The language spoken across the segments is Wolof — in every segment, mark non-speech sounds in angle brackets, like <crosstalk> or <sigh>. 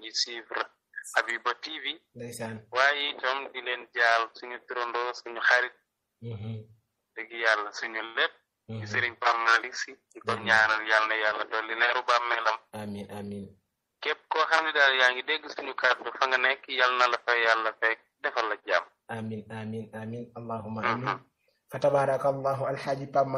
uji suivre Habiba TV waye itam di len jaal suñu turandoo suñu xarit mhm. deug yalla suñu lepp ci mhm. serigne Pam Malick di ko ñaanal yalla na yàlla dolli leeru bàmmeelam amin amin kep ko xamni ne daal yaa ngi dégg suñu kàddu fa nga nek yalla na la fay yalla fekk defal la jàmm amin amin amin Allahumma. Mhm. amin fa tabaraka allahu Pam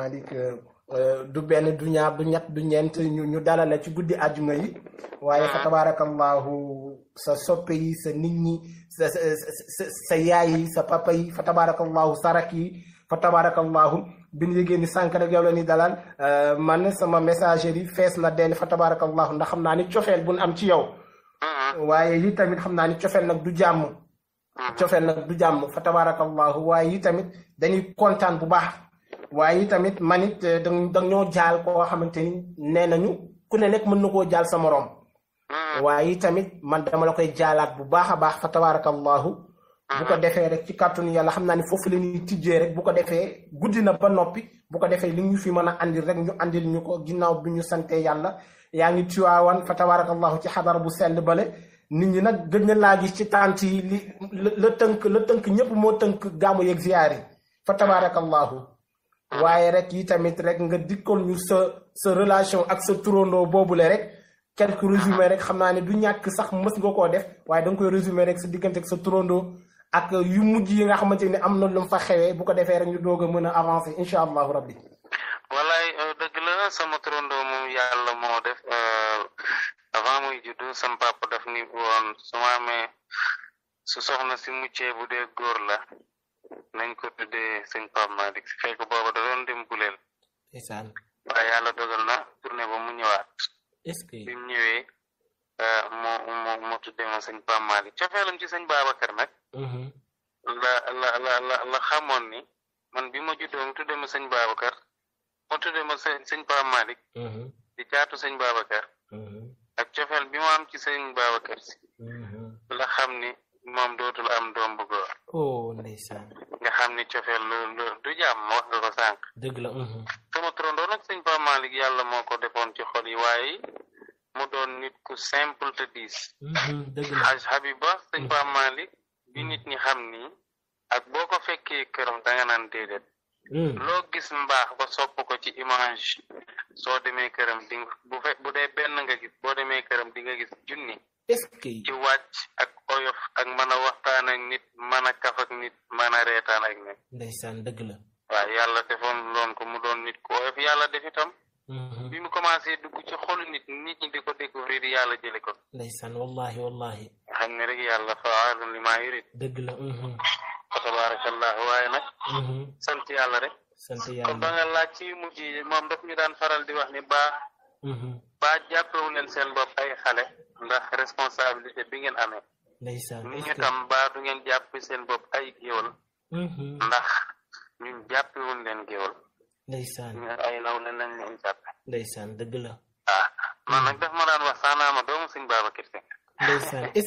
Euh, du benn du ñaar du ñett du ñeent ñu ñu dalale ci guddi àjjuma yi waaye fa ah. tabarakallahu sa soppe yi sa nit ñi sa sa sa yaay yi sa papa yi fa tabarakallahu sa rak fa tabarakallahu bi ñu ni sànq rek yow la ni dalal euh, man sama messager yi fees na denn fa tabarakallahu ndax xam naa ni cofeel bu am ci yow ah. waaye yi tamit xam naa ni cofeel nag du jàmm ah. cofeel nag du jàmm fa tabarakallahu waaye yi tamit dañuy kontaan bu baax waaye tamit manit it eh, da ñoo jaal koo xamante ni nee nañu ku ne nekk mën na koo jaal sa moroom hmm. waaye tamit man dama la koy jaalaat bu baax a baax fa tabaarakallaahu hmm. bu ko defee rek ci kàttanu yàlla xam naa ni foofu la ñuy tijjee rek bu ko defee guddi na ba noppi bu ko defee li ñu fi mën a andil rek ñu andil ñu ko ginnaaw bi ñu santee yàlla yaa ngi tuwaawan fa tabaarakallaahu ci xadara bu sell bale nit ñi nag gëj na laa gis ci tànt yi li la tënk la tënk ñëpp moo tënk gaamu yeeg ziyaar yi fa tabaarakallaahu Ah. waaye rek yi tamit rek nga ñu relation ak sa turandoo le rek quelque résumé rek xam naa ne du ñàkk sax mës nga koo def waaye da résumé rek sa diggante ak sa ak yu mujj yi nga xamante am na lu avancer rabbi. Euh, la euh, avant muy ni soxna nañ ko tuddee sëñ Pape Malick si fekk booba da doon dem guleel ndeysaan waaye yàlla dogal na tournée ba mu ñëwaat est-ce que bi mu ñëwee moo moo moo tuddee ma sëñ Pape Malick cofeelam ci sëñ Babacar nag la la la la la xamoon ni man bi ma juddoo mu tuddee ma sëñ Babacar ma tuddee ma sëñ sëñ Pape Malick di caatu sëñ Babacar ak cofeel bi mu am ci sëñ Babacar si la xam ni moom dootul am doom bu góor oh ndeysaan nga xamni ni lu du jam mo do ko sank deug la mhm. sama turandoo nag sëñ Pape Malick yalla moko defon ci xol yi way mu don nit ku simple te mhm, la aj Habiba seigne Pape mhm. bi nit ni xamni ak boo keram fekkee këram danga logis mbah, lo gis mbax ba sopp ko ci image so demé këram di bu fe bu dé ben nga gis bo demé këram di nga gis junni ci wacc ak oyof ak mana waxtaan ak nit mana kaf ak nit maanaam reetaan ak ne ndeysaan dëgg la waaw yàlla ya defoon loon ko mu doon nit ko woyof eh, yàlla ya def itam bi mhm. mu commencé dugg ci xolu nit nit ñi di ko découvrir yàlla ko ndeysaan wallahi wallahi xam ne rek yàlla faalun li maa yurid dëgg la fa waaye nag sant yàlla rek sant yàlla ba nga laaj ci mujj moom daf ñu daan faral di wax ni baa baa ya, jàppewu leen seen bopp ay xale ndax responsabilité bi ngeen amee ndeysaan ñun itam baa du ngeen jàpp seen bopp ay géwal ndax ñun jàppewuñ ay ah man daf <laughs> ya mhm. ma daan wax ma est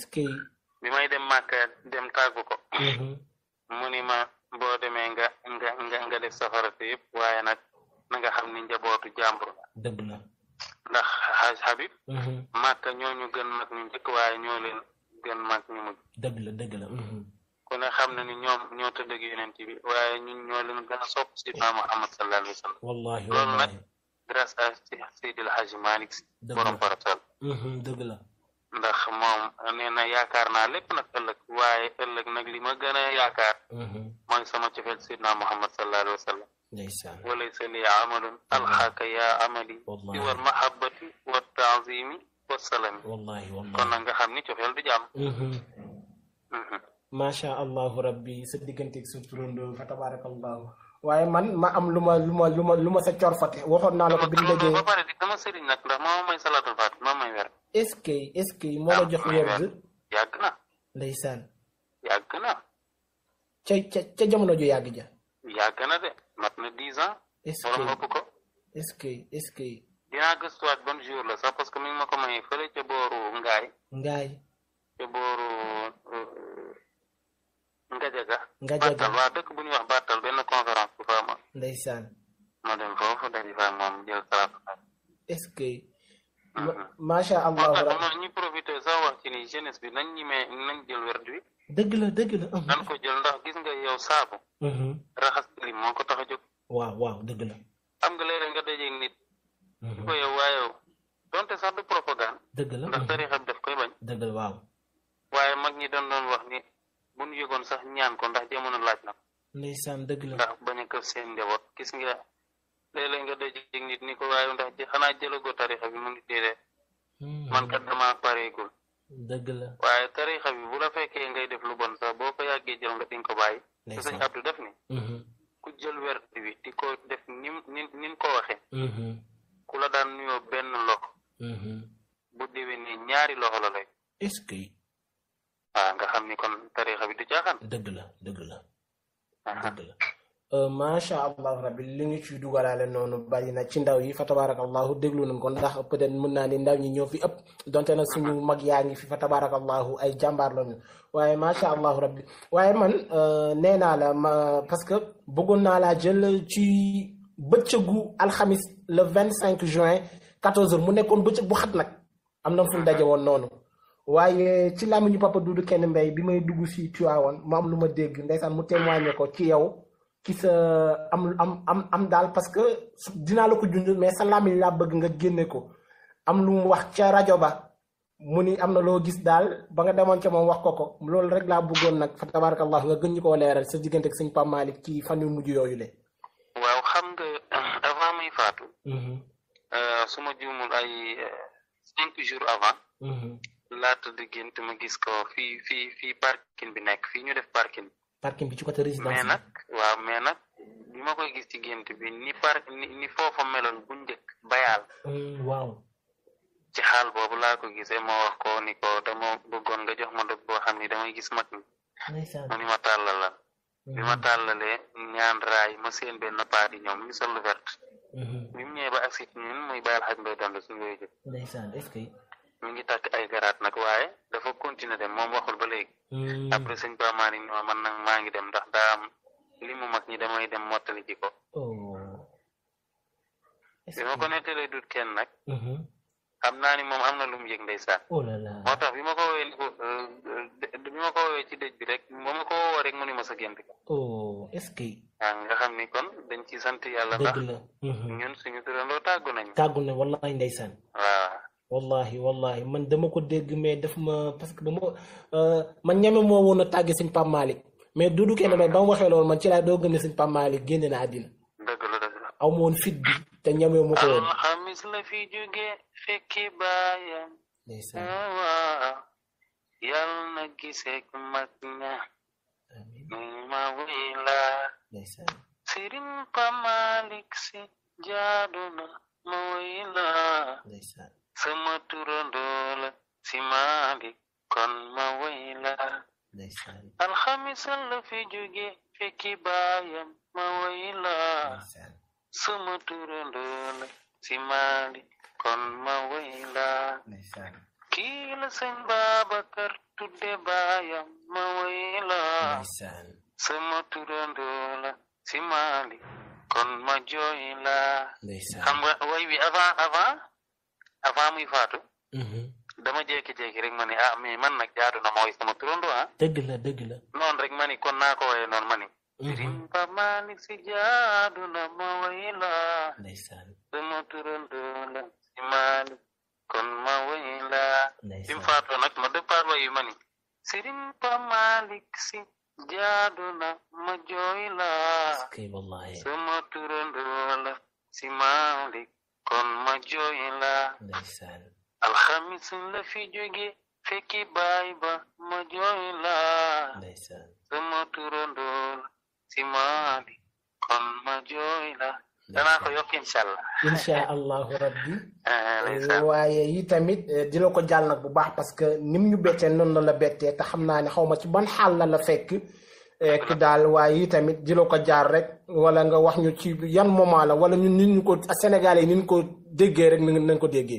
ce que dem dem ko ma nga nga nga def safara waaye nag na nga ndax xaaj Habib. màkk mhm. ñooñu gën mag ñu njëkk waaye ñoo leen gën mag ñu mujj. dëgg la dëgg la. Mhm. ku ne na ni ñoom ñoo tëdd ak yonent bi waaye ñun ñoo leen gën a sopp si Seydina eh. Muhammad sallallahu alayhi wa sallam. a loolu nag grâce à Seydil Hadji si borom mhm, ndax moom nee na yaakaar naa lépp nag ëllëg waaye ëllëg nag li ma gën a yaakaar. mooy sama cofeel Seydina Muhammad sallallahu alayhi wa sallam. ليس عمل يا عملي والتعظيم والسلام والله والله mhm. Mhm. man ma am la ko ba dama sëriñ ndax may may est-ce que est-ce que la jox na na jamono ju ja na Maintenant, 10 ans. borom ëpp ko. est ce que est ce que. dinaa gëstuwaat ban jour la sax parce que mi ngi ma ko may fële ca booru Ngaay. Ngaay. ca booru euh, Ngajaga. Ngajaga Bartal waa dëkk bu ñuy wax Bartal benn conférence bu fa ndeysaan. ma dem foofu dañuy fa moom jël classe. est ce que. Mm-hmm. macha allah. moo tax ñu profité sax wax ci ni jeunesse bi nañ ñi may nañ jël werd wi dëgg la dëgg la. Oh. nan ko jël ndax gis nga yow saabu. raxas tilim moo ko tax waaw waaw dëgg la. am nga léeg nga dajeeg nit. ko yow donte sax du propagande. la ndax koy bañ. la waaw. mag ñi wax ni bu ñu yëgoon sax ñaan ko ndax jamono laaj na ko. ndeysaan la ndax bañ a seen njaboot gis nga léeg nga dajeeg nit ni ko ndax mu ngi man kat damaa pareegul dëgg la waaye tarixa bi bu la fekkee ngay def lu bon sax boo ko yàggee jël nga dinga ko bàyyi te sëñ Abdou def ni mhm. ku jël werd bi di ko def ni ni ko waxee ku la daan nuyoo benn loxo mhm. bu ñaari loxo la lay est-ce que ah, nga xam ni kon tarixa bi du caaxaan dëgg la dëgg la dëgg la masha allah rabbi li ñu ci dugalaale nonu bari na ci ndaw yi fa tabarakallahu deglu nañ ko ndax ëpp den mën na ni ndaw ñi ñoo fi ëpp donte na suñu mag yaangi fi fa tabarakallahu ay jambar lañu waye masha allah rabbi waye man neena la parce que bëggoon na la jël ci bëccëgu alxamis le 25 juin 14 heures mu nekkon bëccëg bu xat nak am na fu dajé won nonu waye waaye ci làmmiñu papa Dudu kenn mbay bi may dugg si tuawon mu am luma dégg ndaysan mu témoigné ko ci yow ci am am am am daal parce que dinaa la ko junj mais sa làmmiñ laa bëgg nga génne ko am lu mu wax ca rajo ba mu ni am na loo gis daal ba nga demoon ca moom wax ko ko loolu rek laa bëggoon nag fa tabarakallah nga gën ñu koo leeral sa diggante ak sëñ Pape Malick ci fan yu mujj yooyu le xam nga <coughs> avant muy faatu. Mm-hmm. Euh, su ma ay euh, cinq jours avant. Mm-hmm. laata di gént ma gis ko fii fii fii parking bi nekk fii ñu def parking. parking bi ci côté résidence mais nak wa mais nak bima koy gis ci gént bi ni ah. hmm. park hmm. ni, ni foofa meloon bu njëkk bayaal mm, waaw ci xal bobu la ko gisé mo wax ko ni ko dama bëggon nga jox ma dog bo xamni ni damay gis mag ni ndaysan ni ma talal la ni ma talalé ñaan raay ma seen ben paa di ñoom ñu sol vert bi mu ñëwee ba ak sit ñun muy bayal xaj mbay dond suñu koy jëf mi ngi tak ay garat nak waye dafa continuer dem mom waxul ba légui mm. sing sëñ mani maa ni ma man nag maa ngi dem ndax daa am li mu mag ñi damay dem mottali ji ko bi ma ko nettalee dut kenn nag xam naa ni moom am lum lu mu yëg ndeysaan moo tax bi ma ko woowee bi ma ko woowee ci dëj bi rek ba ma ko woowee rek mu ni ma sa gént ko est-ce nga xam kon dañ ci sant yàlla mm-hmm. ndax ñun suñu turandoo tàggu nañ tàggu nañ wallaay ndeysaan waaw ah wallahi wallahi man dama ko dégg mais daf ma parce que dama euh, man ñame moo woon a tàgg sëñ Pape Malick mais dudu Kébé may ba mu waxee loolu man ci laa doo gëm ne pam malik génne na àddina aw ma fit bi te ñame ma ko woon alxamis la fi jóge fekki yàlla oh, na mag ña ma si jaadu ma semeturodol simaali kon ma wayla alxamisal la fi jóge fekki baayam ma wayla sama turandoo la simaali kon ma wayla kii bayam sëñ Babacar tudde simali kon majoi jooy la xam nga way bi apa avant muy faatu mm-hmm. dama jékki-jékki rek ma ni ah mais man nag jaadu na ma woy ah dëgg la dëgg la noonu rek ma ni kon naa ko woyee noonu ma ni mm-hmm. Sëriñ si jaadu na ma woy la sama la si Malik kon ma woy la bi mu faatoo nag ma départ wayu ma ni si jaadu na ma jooy la sama turando la si Malik. jooyla alxamis la fi jóge fekki baay ba ma jooyla sama turandool si maali kon ma jooyla danaa ko yokk incha allah rabbi <laughs> ah, eh, waaye yi tamit eh, dina ko jàll nag bu baax parce que nim ñu bettee noonu la la bettee te xam naa ni xaw ma ci ban xaal la la fekk ek dal way tamit di la ko jaar rek wala nga wax ñu ci yan moment la wala ñun ñu ko sénégalais ñun ko déggé rek nañ ko déggé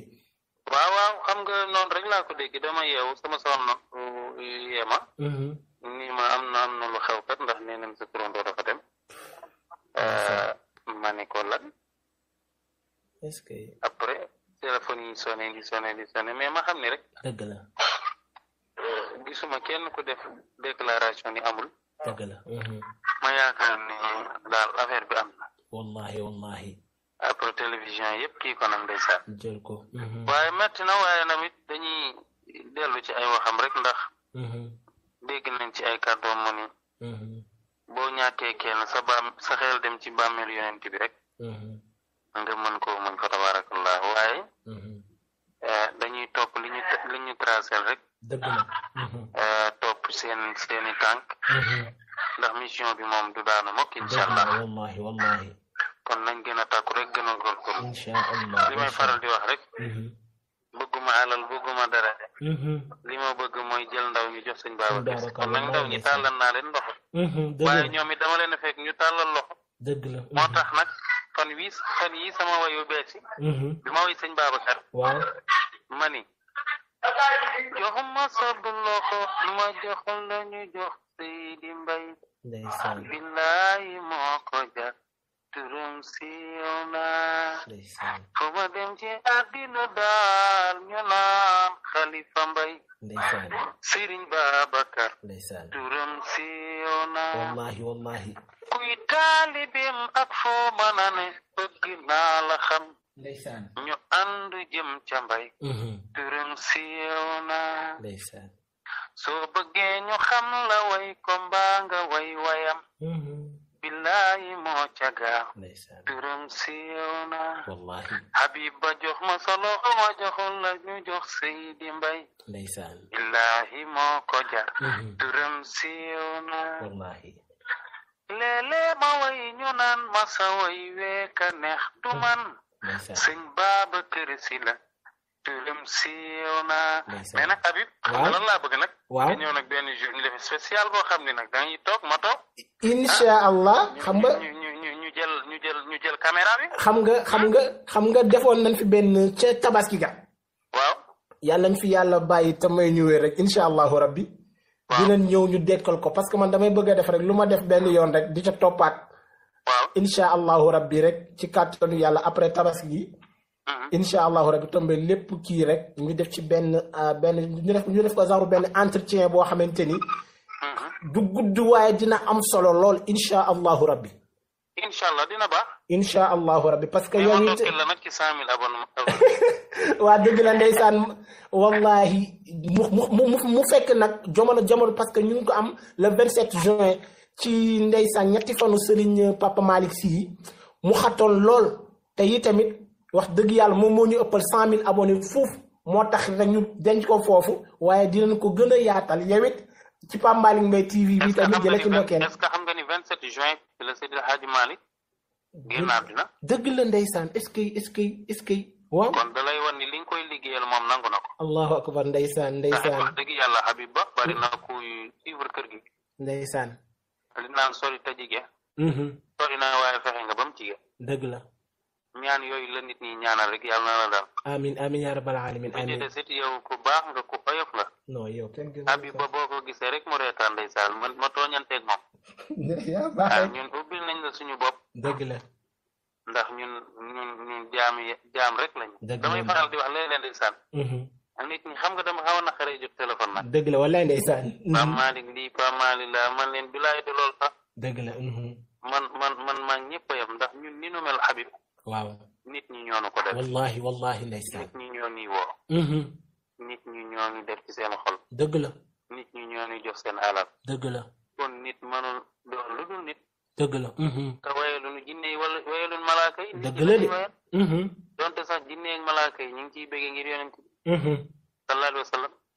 waaw waaw xam nga non rek la ko déggé dama yew sama soxna yeema. Mm-hmm. ni ma am na am na lu xew kat ndax nee nañ sa turandoo dafa dem. euh mané ko lan. est-ce que. après téléphone yi soné ni soné ni soné mais ma xam ni rek. dëgg la. Euh, gisuma kenn ko def déclaration ni amul tegala ma mhm. yaakaar ni daal affaire bi am na wallahi wallahi après télévision yëpp kii ko nag ndeysaan jël ko mhm. waaye metti na waaye namit dañuy dellu ci ay waxam rek ndax mhm. dégg nañ ci ay kàddoom mu ni boo ñàkkee kenn sa baam sa xel dem ci bàmmeel yonent bi rek nga mën koo fa tabarakallah Mm-hmm. ndax mission bi moom du daanu mukk insha wallahi wallahi kon nañ gën a tàkku rek gën a góorgóorlu insha allah li may faral di wax rek mm-hmm. bëgguma alal bëgguma dara mm-hmm. li ma bëgg mooy jël ndaw ñu jox sëñ baaba kon nag ndaw ñi tàllal naa leen loxo waaye ñoom it dama leen fekk ñu tàllal loxo dëgg la moo tax nag fan wi fan yi sama wayu beesi bi ma way sëñ babacar waaw ma ni joxuma sa bu loxo ma joxal la ñu jox Seydi Mbay ndeysaan billaahi moo ko jar turam siiw na ndeysaan fu ma ci àddina daal ñu naan Xalifa Mbay ndeysaan Sëriñ Babacar ndeysaan na wallaahi wallaahi kuy taalibim ak foo ne bëgg naa xam ñu ànd jëm ca mbay mhm. turam siiw na ñu xam la way ko mbaa nga way wayam mm-hmm. billahi mo ca turum siona wallahi habiba jox mm-hmm. ma solo ma joxul la ñu jox sayyidi mbay billahi mo ko jar turam siiw na léelée ma way ñu naan ma sa way ka neex du man seigne baba kër si la siiw na mais nag Habib lan laa bëgg nag ñëw nag benn jour ñu def spécial boo xam ni dañuy toog ma toog insha allah xam nga ñu ñu ñu jël ñu jël ñu jël caméra bi xam nga xam nga xam nga defoon nañ fi benn ca tabaski ga waaw yàlla ñu fi yàlla bàyyi te may ñu rek insha allah rabbi dinañ ñëw ñu dekkal ko parce que man damay bëgg def rek lu def benn yoon rek di ca toppaat waaw insha allahu rabbi rek ci kàttanu yàlla après tabaski inshallah rek tombé lépp ki rek ñu def ci ben ben ñu def ñu def ko genre ben entretien bo xamanteni du gudd waye dina am solo lol inshallah rabbi inshallah dina ba inshallah rabbi parce que. yow it la nak ci cent mille abonnement. waa dëgg la ndeysaan wallahi mu mu mu fekk nak jomono jomono parce que ñu ko am le 27 juin ci ndeysaan ñetti fanu Serigne Papa malik si mu xaton lol te yi tamit. wax dëgg yàlla moom moo ñu ëppal cent mille abonnés foofu moo tax rek ñu denc ko foofu waaye dinañ ko gën a yaatal yow ci Pape Malick Mbaye TV bi tamit jëlee ci ndokkeel. est-ce que xam nga ni 27 juin la Seydi Hadji Malick génn àdduna. dëgg la ndeysaan est-ce que est-ce que est-ce que. waaw kon da lay wan ni li nga koy liggéeyal moom nangu na ko. allahu akbar ndeysaan ndeysaan. dëgg yàlla Habib Ba bari na kuy suivre kër gi. ndeysaan. li naan sori tajige. Mhm. sori waaye fexe nga ba mu jige. ñaan yooyu la nit ñi ñaanal rek yàlla na la dal amin amin ya rabbal alamin amin ci sit yow ku baax nga ku oyof la non yow abi ba boo ko gisee rek mu reetaan ndeysaan man ma tooñanteeg moom ñun ubbil nañ la suñu bopp dëgg la ndax ñun ñun ñun jaam jaam rek lañ damay faral di wax léeg-léeg mhm. ndeysaan nit ñi xam nga dama xaw na xare jot téléphone nag dëgg la wallaay ndeysaan mhm. pa malik lii malik la man leen bilaay de lool sax dëgg la mhm. man man man maa ñëpp yam ndax ñun ni nu mel habib waaw nit ñi ñoo nu ko def. wallahi wallahi ndeysaan nit ñi ñoo ni woo. Mm-hmm. nit ñi ñoo def ci seen xol. dëgg la. nit ñi ñoo ni jox seen alal. dëgg la. kon nit mënul doon lu dul nit. dëgg la. Mm-hmm. te wayalunu jinne yi wala wayalunu malaaka yi. dëgg la de mm-hmm. donte sax jinne ak malaaka yi ñu ngi ciy bëggee ngir yonent bi. sallallahu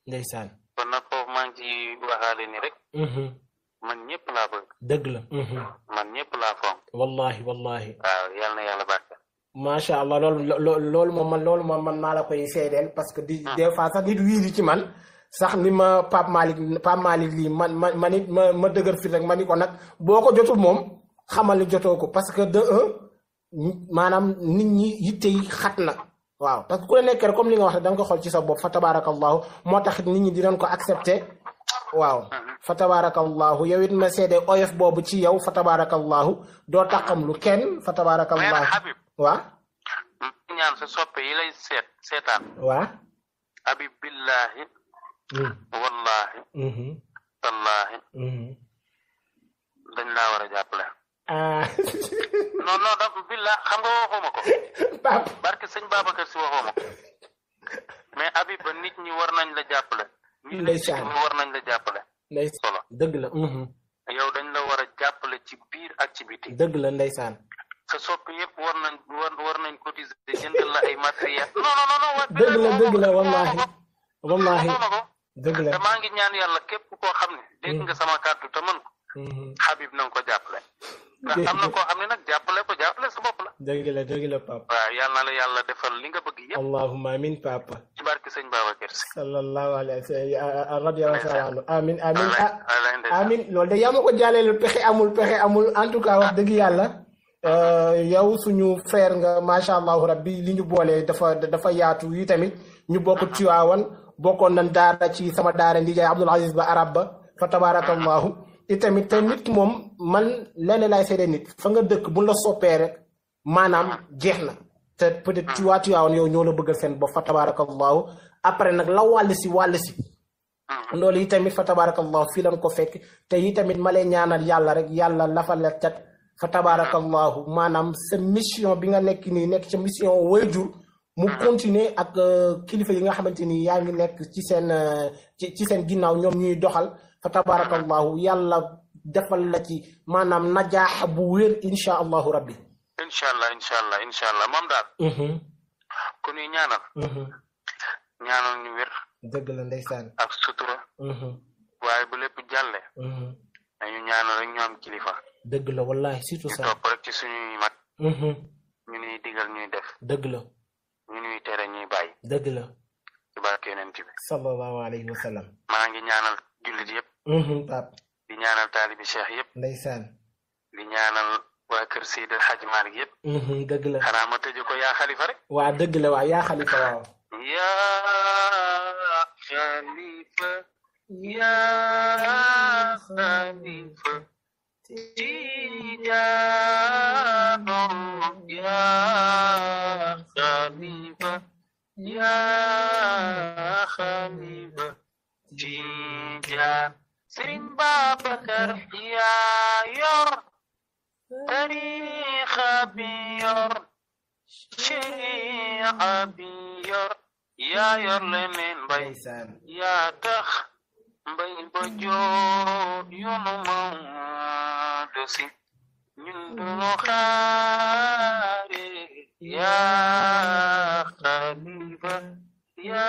alayhi wa kon nag foofu ngi ciy waxaale ni rek. man ñëpp laa bëgg. dëgg la. Mhm. man ñëpp laa fonk. wallahi wallahi waaw yal allah loolu loolu moom man loolu moom man maa la koy seedeel parce que di hmm. des fois sax nit wiiri ci man sax ni ma Pape Malick Pape Malick lii man ma ma nit ma ma dëgër fi rek ma ni ko nag boo ko jotul moom xamal ni jotoo ko parce que de un maanaam nit ñi yitte yi xat na. waaw parce que ku la nekk comme li nga wax rek da xool ci sa bopp fa tabaarakallahu moo tax nit ñi di doon ko accepté. waaw ah. fa tabarakallahu yow it ma seede oyof boobu ci yow fa tabarakallahu doo taqam lu kenn fa tabarakallahu habib waa ñaan sa soppe yi lay seet seetaan waa habib billahi hmm. wallahi tallahi hmm. hmm. dañ laa war a jàppale ah. <laughs> non non da billa xam nga waxuma ko barke sëñ babacar si waxuma ko mais habib ba nit ñi war nañ la jàppale ndeysaan ñu war nañ la jàppale. ndeysaan dëgg la. Mhm. yow dañ la war a jàppale ci biir activité. dëgg la ndeysaan. sa sopp yëpp war nañ war war nañ cotiser jëndal la ay matériel non non dëgg la dëgg la wallaahi. wallaahi dëgg la maa ngi ñaan yàlla képp koo xam ne. dégg nga mhm. sama kàddu te mën ko. Mhm. Habib ko jàppale. ndax am na koo xam ne nag jàppale ko jàppale sa bopp la. dëgg la dëgg la papa. waaw yàlla defal li nga bëgg yëpp. allahumma amiin papa. ci barke sëñ Babacar Si. sallallahu alayhi wa sallam radiyallahu ah, de yaa ko jàllale pexe amul pexe amul en tout cas wax yàlla. Ah, ah. Euh, yow suñu frère nga macha allahu rabbi li ñu boole dafa dafa yaatu yi tamit ñu bokk Tiwaawan bokkoon nañ daara ci sama daara Ndijaay Abdul Aziz ba arab ba fa tabaarakallahu itamit te nit moom man leneen laay seede nit fa nga dëkk bu la soppee rek maanaam jeex na te peut-être ci waa Tiwaawan yow ñoo la bëggal seen bopp fa tabarakallahu après nag la wàll si wàll si loolu yi tamit fa tabarakallahu fii lañ ko fekk te yi tamit ma lay ñaanal yàlla rek yàlla lafa la cat fa tabarakallahu maanaam sa mission bi nga nekk nii nekk sa mission wayjur mu continuer ak euh, kilifa yi nga xamante ni yaa ngi nekk ci seen euh, ci ci seen ginnaaw ñoom ñuy doxal fa tabarakallahu yàlla defal la ci manam najah bu wer insha Allah rabbi insha allah insha allah insha allah moom hmm ku ñuy ñaanal ñaanal ñu wer deug la ndeysaan ak sutura mhm. waye bu lépp jàlle dañu mhm. ñaanal rek ñu am kilifa deug la wallahi surtout sa top rek ci suñuy mag mhm. ñu ñuy digal ñuy def deug la ñu ñuy téré ñuy bay deug la ci barke yonent sallallahu alayhi wasallam ma nga ñaanal jullit yépp mhm, di ñaanal taalibi cheikh yépp ndeysaan di ñaanal waa kër seydal xaj maalik yépp mhm, dëgg la xanaa ma ya, ko rek la Jika Simba bapa kerja tari Tariqa biyor Syari'a biyor Ya yor lemen bay Ya tak bay bojo Yunu maudusi Nyundunu khari Ya khalifah Ya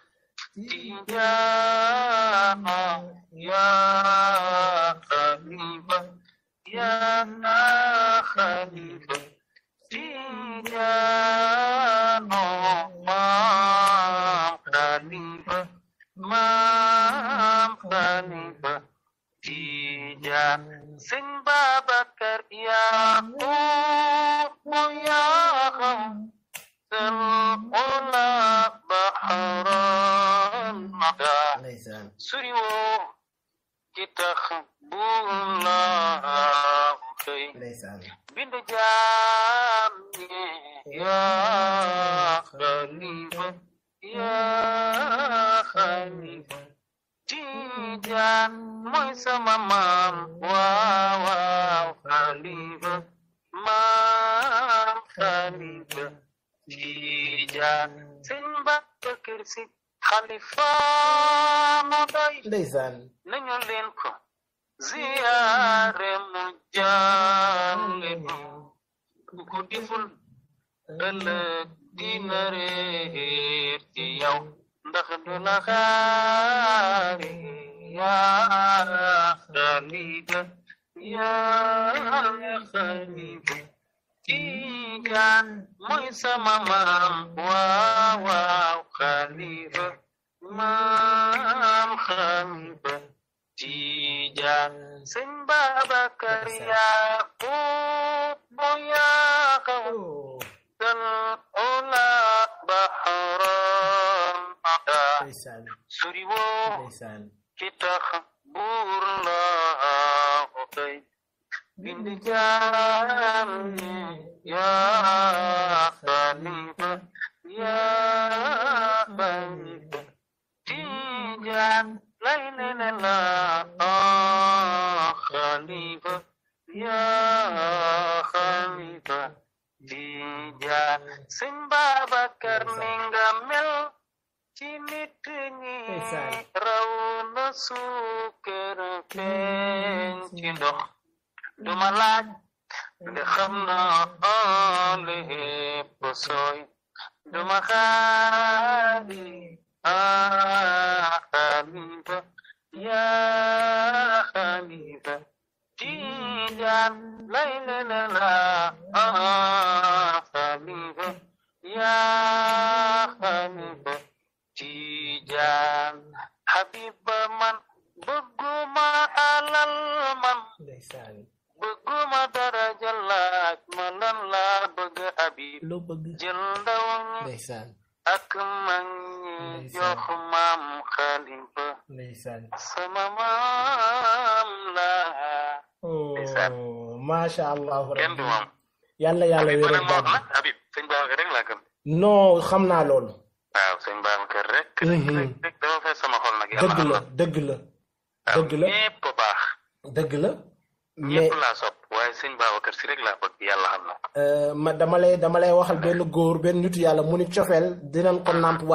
Iya, iya, iya, ya ya khaliba ya khaliba ya ma khaliba ma khaliba ya sing babakar ya ya khaliba haram maka suri kita bulla kay bind jaam ya khalifa ya khalifa tijan moy sama mam waaw khalifa mam khalifa tijan simba kirsi khalifa modoy ndeysaan nañu leen ko ziyaare mu jànge du ku ko diful ëllëg dina réer ci yow ndax du la xaari yaa xaliga yaa xaliga Hakika muy sama mampu wa khalifa mam khalifa Tijan sembaba karya Kubuya kau Dan ulak baharam Ada Suriwo Kita burlah بجامي ya خليفة ya خليفة تيجان ليلة لا خليفة يا خليفة Dija Simba bakar ninggamil Cini tengi Rauno suker pencindok তোমালাক দেখম নহলে পচই তোমাকালি আলিবা ইয়া খালিবা জিয়ান লাইলালা Ndeysaan ak mag ñi jox maam xalifa ndeysaan lah, maam oh, Masya allah kenn du moom yàlla yàlla wéral ba Habib sëñ Babacar rek laa gëm non xam naa loolu waaw sëñ Babacar rek rek rek dafa sama xol dëgg la dëgg la dëgg la baax dëgg la ñëpp laa sopp waaye sëñ Babacar si rek laa bëgg yàlla xam na eh, ma dama lay dama lay waxal benn góor benn nitu yàlla mu ni cofeel dinañ ko dañ koy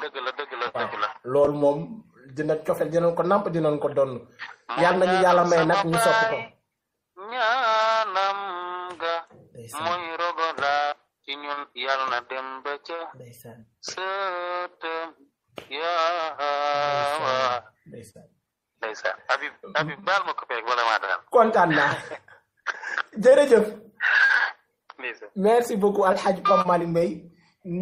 la la la dina cofeel dinañ ko nàmp dinañ ko donn yàlla nañu yàlla may ñu ko ñaanam ga ci ñun na dem ba ndeysaan Habib mm-hmm. Habib baal ma coupé rek wala maa daal. kontaan <laughs> jërëjëf. merci beaucoup Alxaaji Pape Malick Mbaye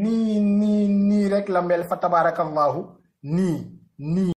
nii nii nii rek la mel fa tabaarakallahu nii nii.